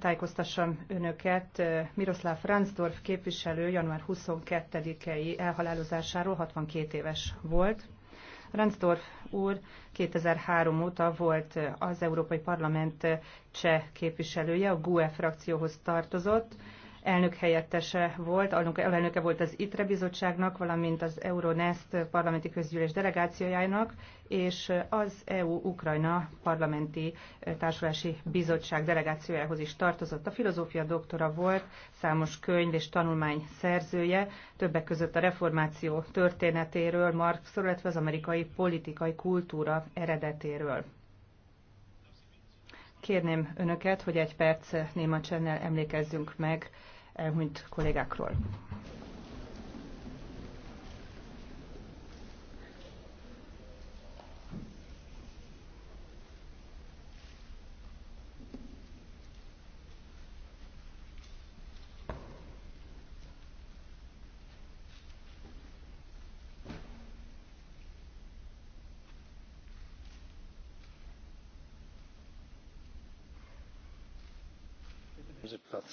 tájékoztassam önöket Miroslav Franzdorf képviselő január 22-i elhalálozásáról 62 éves volt. Ransdorf úr 2003 óta volt az Európai Parlament cseh képviselője, a GUE frakcióhoz tartozott, elnök helyettese volt, elnöke volt az ITRE bizottságnak, valamint az Euronest parlamenti közgyűlés delegációjának, és az EU-Ukrajna parlamenti eh, társulási bizottság delegációjához is tartozott. A filozófia doktora volt, számos könyv és tanulmány szerzője, többek között a reformáció történetéről, Marx illetve az amerikai politikai kultúra eredetéről. Kérném önöket, hogy egy perc néma csennel emlékezzünk meg elhunyt kollégákról. Zipkac.